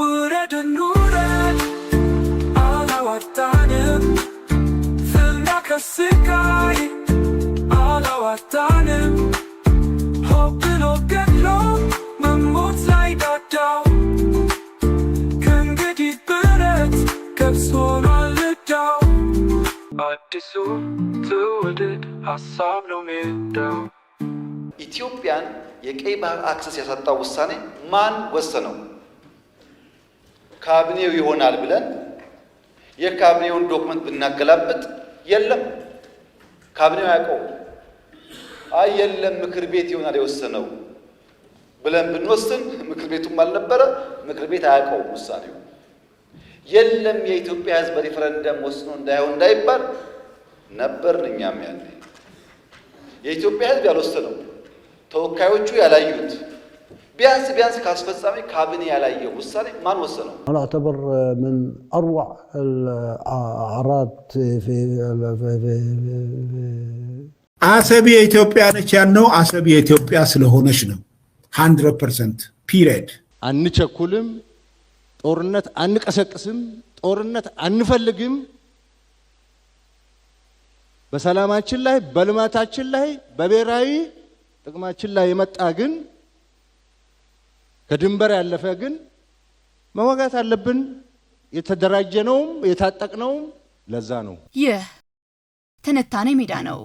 ውረድ እንውረድ አላዋጣንም፣ ፍና ከስቃይ አላዋጣንም። ሆብሎ ገድሎ መሞት ላይ ዳዳው ከእንግዲህ ብረት ገብስ ሆኗል እዳው። አዲሱ ትውልድ ኢትዮጵያን የቀይ ባህር አክሰስ ያሳጣው ውሳኔ ማን ወሰነው? ካቢኔው ይሆናል ብለን የካቢኔውን ዶክመንት ብናገላብጥ የለም፣ ካቢኔው አያውቀውም። አይ የለም ምክር ቤት ይሆናል የወሰነው ብለን ብንወስን ምክር ቤቱም አልነበረ፣ ምክር ቤት አያውቀውም ውሳኔው። የለም የኢትዮጵያ ሕዝብ በሪፈረንደም ወስኖ እንዳይሆን እንዳይባል ነበርን እኛም ያኔ የኢትዮጵያ ሕዝብ ያልወሰነው ተወካዮቹ ያላዩት ቢያንስ ቢያንስ ከአስፈጻሚ ካቢኔ ያላየ ውሳኔ ማን ወሰነው? أنا أعتبر ምን أروع አራት አሰብ የኢትዮጵያ ነች ያልነው አሰብ የኢትዮጵያ ስለሆነች ነው። 100 ፐርሰንት ፒሪድ። አንቸኩልም፣ ጦርነት አንቀሰቅስም፣ ጦርነት አንፈልግም። በሰላማችን ላይ በልማታችን ላይ በብሔራዊ ጥቅማችን ላይ የመጣ ግን ከድንበር ያለፈ ግን መዋጋት አለብን። የተደራጀነውም የታጠቅነውም ለዛ ነው። ይህ ትንታኔ ሜዳ ነው።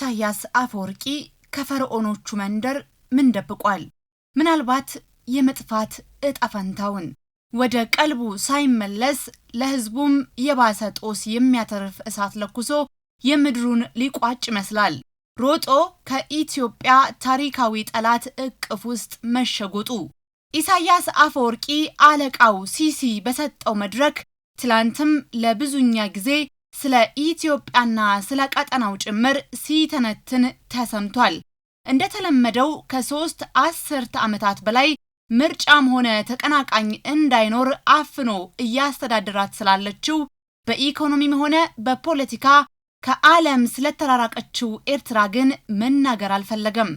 ኢሳያስ አፈወርቂ ከፈርዖኖቹ መንደር ምን ደብቋል? ምናልባት የመጥፋት እጣ ፈንታውን ወደ ቀልቡ ሳይመለስ ለሕዝቡም የባሰ ጦስ የሚያተርፍ እሳት ለኩሶ የምድሩን ሊቋጭ ይመስላል። ሮጦ ከኢትዮጵያ ታሪካዊ ጠላት እቅፍ ውስጥ መሸጎጡ ኢሳያስ አፈወርቂ አለቃው ሲሲ በሰጠው መድረክ ትላንትም ለብዙኛ ጊዜ ስለ ኢትዮጵያና ስለ ቀጠናው ጭምር ሲተነትን ተሰምቷል። እንደተለመደው ከሶስት አስርት ዓመታት በላይ ምርጫም ሆነ ተቀናቃኝ እንዳይኖር አፍኖ እያስተዳደራት ስላለችው በኢኮኖሚም ሆነ በፖለቲካ ከዓለም ስለተራራቀችው ኤርትራ ግን መናገር አልፈለገም።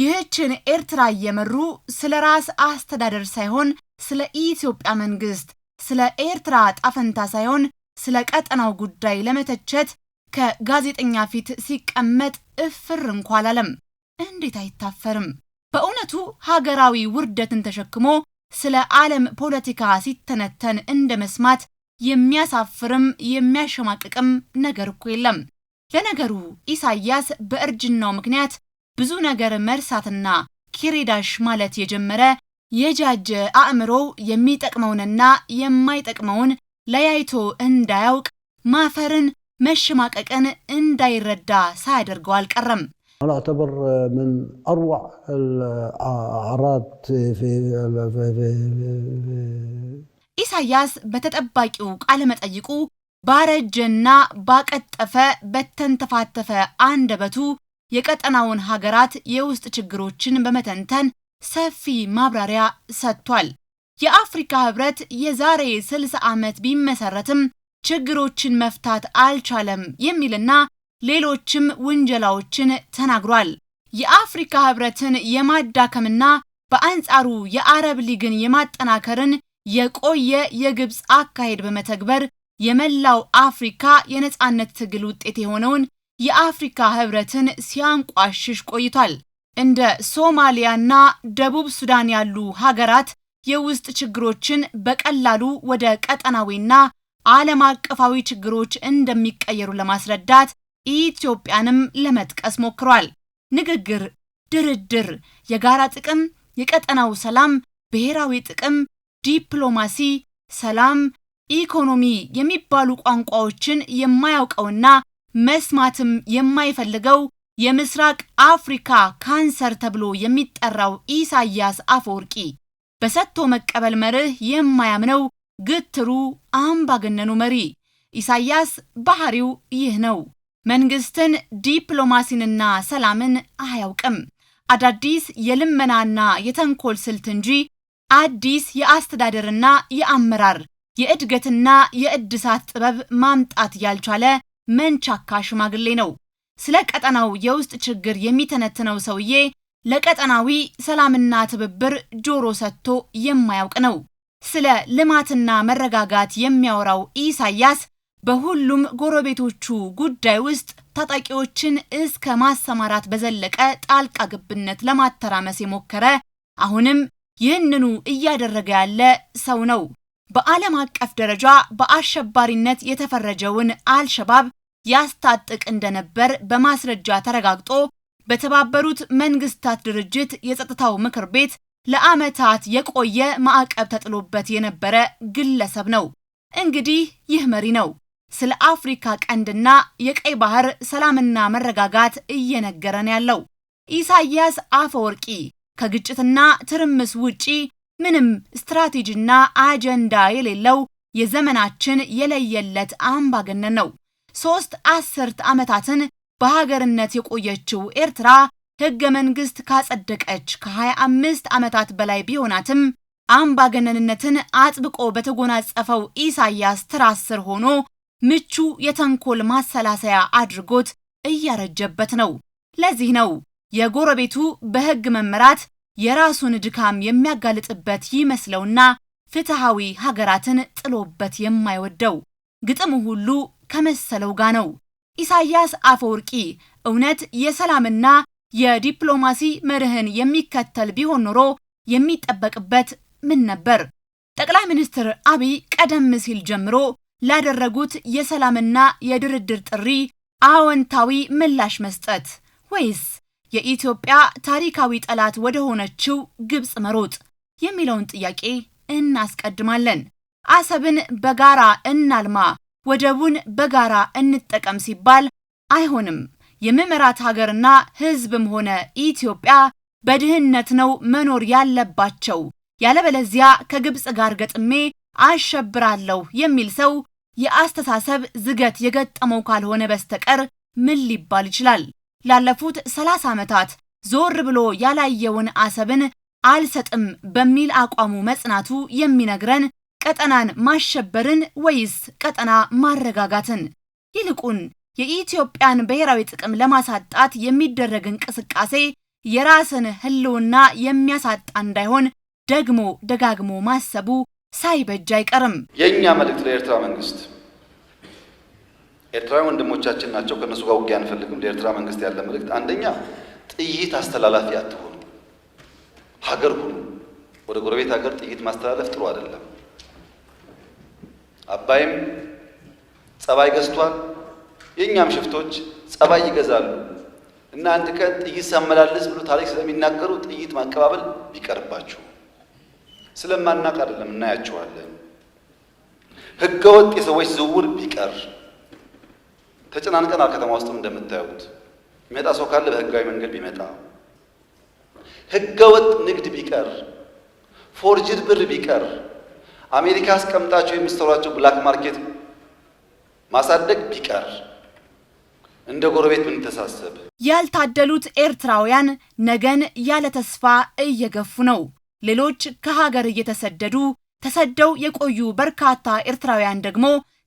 ይህችን ኤርትራ እየመሩ ስለ ራስ አስተዳደር ሳይሆን ስለ ኢትዮጵያ መንግስት፣ ስለ ኤርትራ ጣፈንታ ሳይሆን ስለ ቀጠናው ጉዳይ ለመተቸት ከጋዜጠኛ ፊት ሲቀመጥ እፍር እንኳ አላለም። እንዴት አይታፈርም? በእውነቱ ሀገራዊ ውርደትን ተሸክሞ ስለ ዓለም ፖለቲካ ሲተነተን እንደ መስማት የሚያሳፍርም የሚያሸማቅቅም ነገር እኮ የለም። ለነገሩ ኢሳያስ በእርጅናው ምክንያት ብዙ ነገር መርሳትና ኬሬዳሽ ማለት የጀመረ የጃጀ አእምሮው የሚጠቅመውንና የማይጠቅመውን ለያይቶ እንዳያውቅ ማፈርን፣ መሸማቀቅን እንዳይረዳ ሳያደርገው አልቀረም። أنا أعتبر من أروع الأعراض ኢሳያስ በተጠባቂው ቃለመጠይቁ ባረጀና ባቀጠፈ በተንተፋተፈ አንደበቱ የቀጠናውን ሀገራት የውስጥ ችግሮችን በመተንተን ሰፊ ማብራሪያ ሰጥቷል። የአፍሪካ ህብረት የዛሬ 60 ዓመት ቢመሰረትም ችግሮችን መፍታት አልቻለም የሚልና ሌሎችም ውንጀላዎችን ተናግሯል። የአፍሪካ ህብረትን የማዳከምና በአንጻሩ የአረብ ሊግን የማጠናከርን የቆየ የግብፅ አካሄድ በመተግበር የመላው አፍሪካ የነፃነት ትግል ውጤት የሆነውን የአፍሪካ ህብረትን ሲያንቋሽሽ ቆይቷል። እንደ ሶማሊያና ደቡብ ሱዳን ያሉ ሀገራት የውስጥ ችግሮችን በቀላሉ ወደ ቀጠናዊና ዓለም አቀፋዊ ችግሮች እንደሚቀየሩ ለማስረዳት ኢትዮጵያንም ለመጥቀስ ሞክሯል። ንግግር፣ ድርድር፣ የጋራ ጥቅም፣ የቀጠናው ሰላም፣ ብሔራዊ ጥቅም፣ ዲፕሎማሲ፣ ሰላም፣ ኢኮኖሚ የሚባሉ ቋንቋዎችን የማያውቀውና መስማትም የማይፈልገው የምስራቅ አፍሪካ ካንሰር ተብሎ የሚጠራው ኢሳያስ አፈወርቂ በሰጥቶ መቀበል መርህ የማያምነው ግትሩ አምባገነኑ መሪ ኢሳያስ ባህሪው ይህ ነው። መንግስትን፣ ዲፕሎማሲንና ሰላምን አያውቅም። አዳዲስ የልመናና የተንኮል ስልት እንጂ አዲስ የአስተዳደርና የአመራር የእድገትና የእድሳት ጥበብ ማምጣት ያልቻለ መንቻካ ሽማግሌ ነው። ስለ ቀጠናው የውስጥ ችግር የሚተነትነው ሰውዬ ለቀጠናዊ ሰላምና ትብብር ጆሮ ሰጥቶ የማያውቅ ነው። ስለ ልማትና መረጋጋት የሚያወራው ኢሳያስ በሁሉም ጎረቤቶቹ ጉዳይ ውስጥ ታጣቂዎችን እስከ ማሰማራት በዘለቀ ጣልቃ ግብነት ለማተራመስ የሞከረ አሁንም ይህንኑ እያደረገ ያለ ሰው ነው። በዓለም አቀፍ ደረጃ በአሸባሪነት የተፈረጀውን አልሸባብ ያስታጥቅ እንደነበር በማስረጃ ተረጋግጦ በተባበሩት መንግስታት ድርጅት የጸጥታው ምክር ቤት ለዓመታት የቆየ ማዕቀብ ተጥሎበት የነበረ ግለሰብ ነው። እንግዲህ ይህ መሪ ነው ስለ አፍሪካ ቀንድና የቀይ ባህር ሰላምና መረጋጋት እየነገረን ያለው ኢሳያስ አፈወርቂ ከግጭትና ትርምስ ውጪ ምንም ስትራቴጂና አጀንዳ የሌለው የዘመናችን የለየለት አምባገነን ነው። ሶስት አስርት ዓመታትን በሀገርነት የቆየችው ኤርትራ ህገ መንግስት ካጸደቀች ከ25 ዓመታት በላይ ቢሆናትም አምባገነንነትን አጥብቆ በተጎናጸፈው ኢሳያስ ትራስ ስር ሆኖ ምቹ የተንኮል ማሰላሰያ አድርጎት እያረጀበት ነው። ለዚህ ነው የጎረቤቱ በህግ መመራት የራሱን ድካም የሚያጋልጥበት ይመስለውና ፍትሐዊ ሀገራትን ጥሎበት የማይወደው ግጥሙ ሁሉ ከመሰለው ጋ ነው። ኢሳያስ አፈወርቂ እውነት የሰላምና የዲፕሎማሲ መርህን የሚከተል ቢሆን ኖሮ የሚጠበቅበት ምን ነበር? ጠቅላይ ሚኒስትር አብይ ቀደም ሲል ጀምሮ ላደረጉት የሰላምና የድርድር ጥሪ አዎንታዊ ምላሽ መስጠት ወይስ የኢትዮጵያ ታሪካዊ ጠላት ወደ ሆነችው ግብፅ መሮጥ የሚለውን ጥያቄ እናስቀድማለን። አሰብን በጋራ እናልማ ወደቡን በጋራ እንጠቀም ሲባል አይሆንም። የምዕራት ሀገርና ህዝብም ሆነ ኢትዮጵያ በድህነት ነው መኖር ያለባቸው፣ ያለበለዚያ ከግብፅ ጋር ገጥሜ አሸብራለሁ የሚል ሰው የአስተሳሰብ ዝገት የገጠመው ካልሆነ በስተቀር ምን ሊባል ይችላል? ላለፉት ሰላሳ ዓመታት ዞር ብሎ ያላየውን አሰብን አልሰጥም በሚል አቋሙ መጽናቱ የሚነግረን ቀጠናን ማሸበርን ወይስ ቀጠና ማረጋጋትን? ይልቁን የኢትዮጵያን ብሔራዊ ጥቅም ለማሳጣት የሚደረግ እንቅስቃሴ የራስን ሕልውና የሚያሳጣ እንዳይሆን ደግሞ ደጋግሞ ማሰቡ ሳይበጅ አይቀርም። የእኛ መልእክት ለኤርትራ መንግስት፣ ኤርትራውያን ወንድሞቻችን ናቸው፣ ከእነሱ ጋር ውጊያ አንፈልግም። ለኤርትራ መንግስት ያለ መልእክት አንደኛ ጥይት አስተላላፊ አትሆኑ፣ ሀገር ሁሉ ወደ ጎረቤት ሀገር ጥይት ማስተላለፍ ጥሩ አይደለም። አባይም ጸባይ ገዝቷል። የእኛም ሽፍቶች ጸባይ ይገዛሉ እና አንድ ቀን ጥይት ሳመላልስ ብሎ ታሪክ ስለሚናገሩ ጥይት ማቀባበል ቢቀርባችሁ ስለማናቅ አይደለም፣ እናያችኋለን። ህገወጥ የሰዎች ዝውውር ቢቀር ተጨናንቀናል። ከተማ ውስጥም እንደምታዩት የሚመጣ ሰው ካለ በህጋዊ መንገድ ቢመጣ፣ ህገወጥ ንግድ ቢቀር፣ ፎርጅድ ብር ቢቀር አሜሪካ አስቀምጣቸው የምትሰሯቸው ብላክ ማርኬት ማሳደግ ቢቀር እንደ ጎረቤት ተሳሰብ። ያልታደሉት ኤርትራውያን ነገን ያለ ተስፋ እየገፉ ነው። ሌሎች ከሀገር እየተሰደዱ ተሰደው የቆዩ በርካታ ኤርትራውያን ደግሞ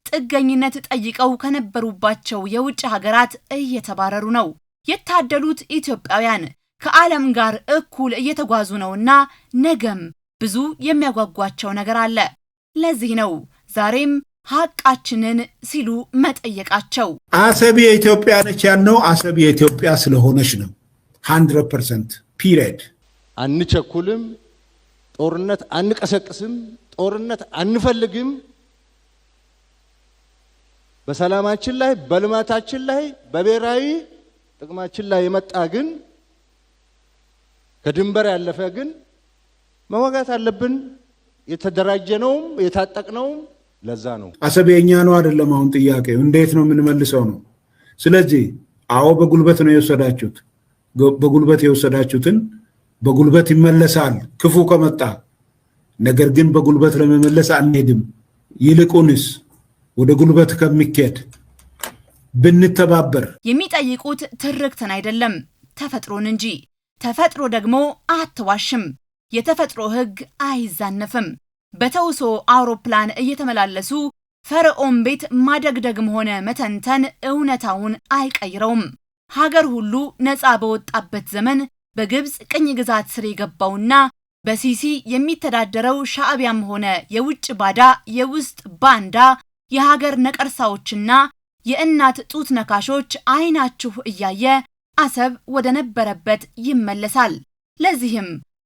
ጥገኝነት ጠይቀው ከነበሩባቸው የውጭ ሀገራት እየተባረሩ ነው። የታደሉት ኢትዮጵያውያን ከዓለም ጋር እኩል እየተጓዙ ነውና ነገም ብዙ የሚያጓጓቸው ነገር አለ። ለዚህ ነው ዛሬም ሀቃችንን ሲሉ መጠየቃቸው። አሰብ የኢትዮጵያ ነች ያልነው አሰብ የኢትዮጵያ ስለሆነች ነው። ሀንድረድ ፐርሰንት ፒሪድ። አንቸኩልም፣ ጦርነት አንቀሰቅስም፣ ጦርነት አንፈልግም። በሰላማችን ላይ በልማታችን ላይ በብሔራዊ ጥቅማችን ላይ የመጣ ግን ከድንበር ያለፈ ግን መዋጋት አለብን። የተደራጀ ነውም የታጠቅ ነውም። ለዛ ነው አሰብ ነው አይደለም። አሁን ጥያቄው እንዴት ነው የምንመልሰው ነው። ስለዚህ አዎ በጉልበት ነው የወሰዳችሁት። በጉልበት የወሰዳችሁትን በጉልበት ይመለሳል ክፉ ከመጣ ነገር ግን በጉልበት ለመመለስ አንሄድም። ይልቁንስ ወደ ጉልበት ከሚኬድ ብንተባበር የሚጠይቁት ትርክትን አይደለም ተፈጥሮን እንጂ ተፈጥሮ ደግሞ አትዋሽም። የተፈጥሮ ሕግ አይዛነፍም። በተውሶ አውሮፕላን እየተመላለሱ ፈርዖን ቤት ማደግደግም ሆነ መተንተን እውነታውን አይቀይረውም። ሀገር ሁሉ ነፃ በወጣበት ዘመን በግብፅ ቅኝ ግዛት ስር የገባውና በሲሲ የሚተዳደረው ሻዕቢያም ሆነ የውጭ ባዳ የውስጥ ባንዳ የሀገር ነቀርሳዎችና የእናት ጡት ነካሾች አይናችሁ እያየ አሰብ ወደ ነበረበት ይመለሳል። ለዚህም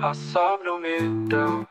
assombra o medo.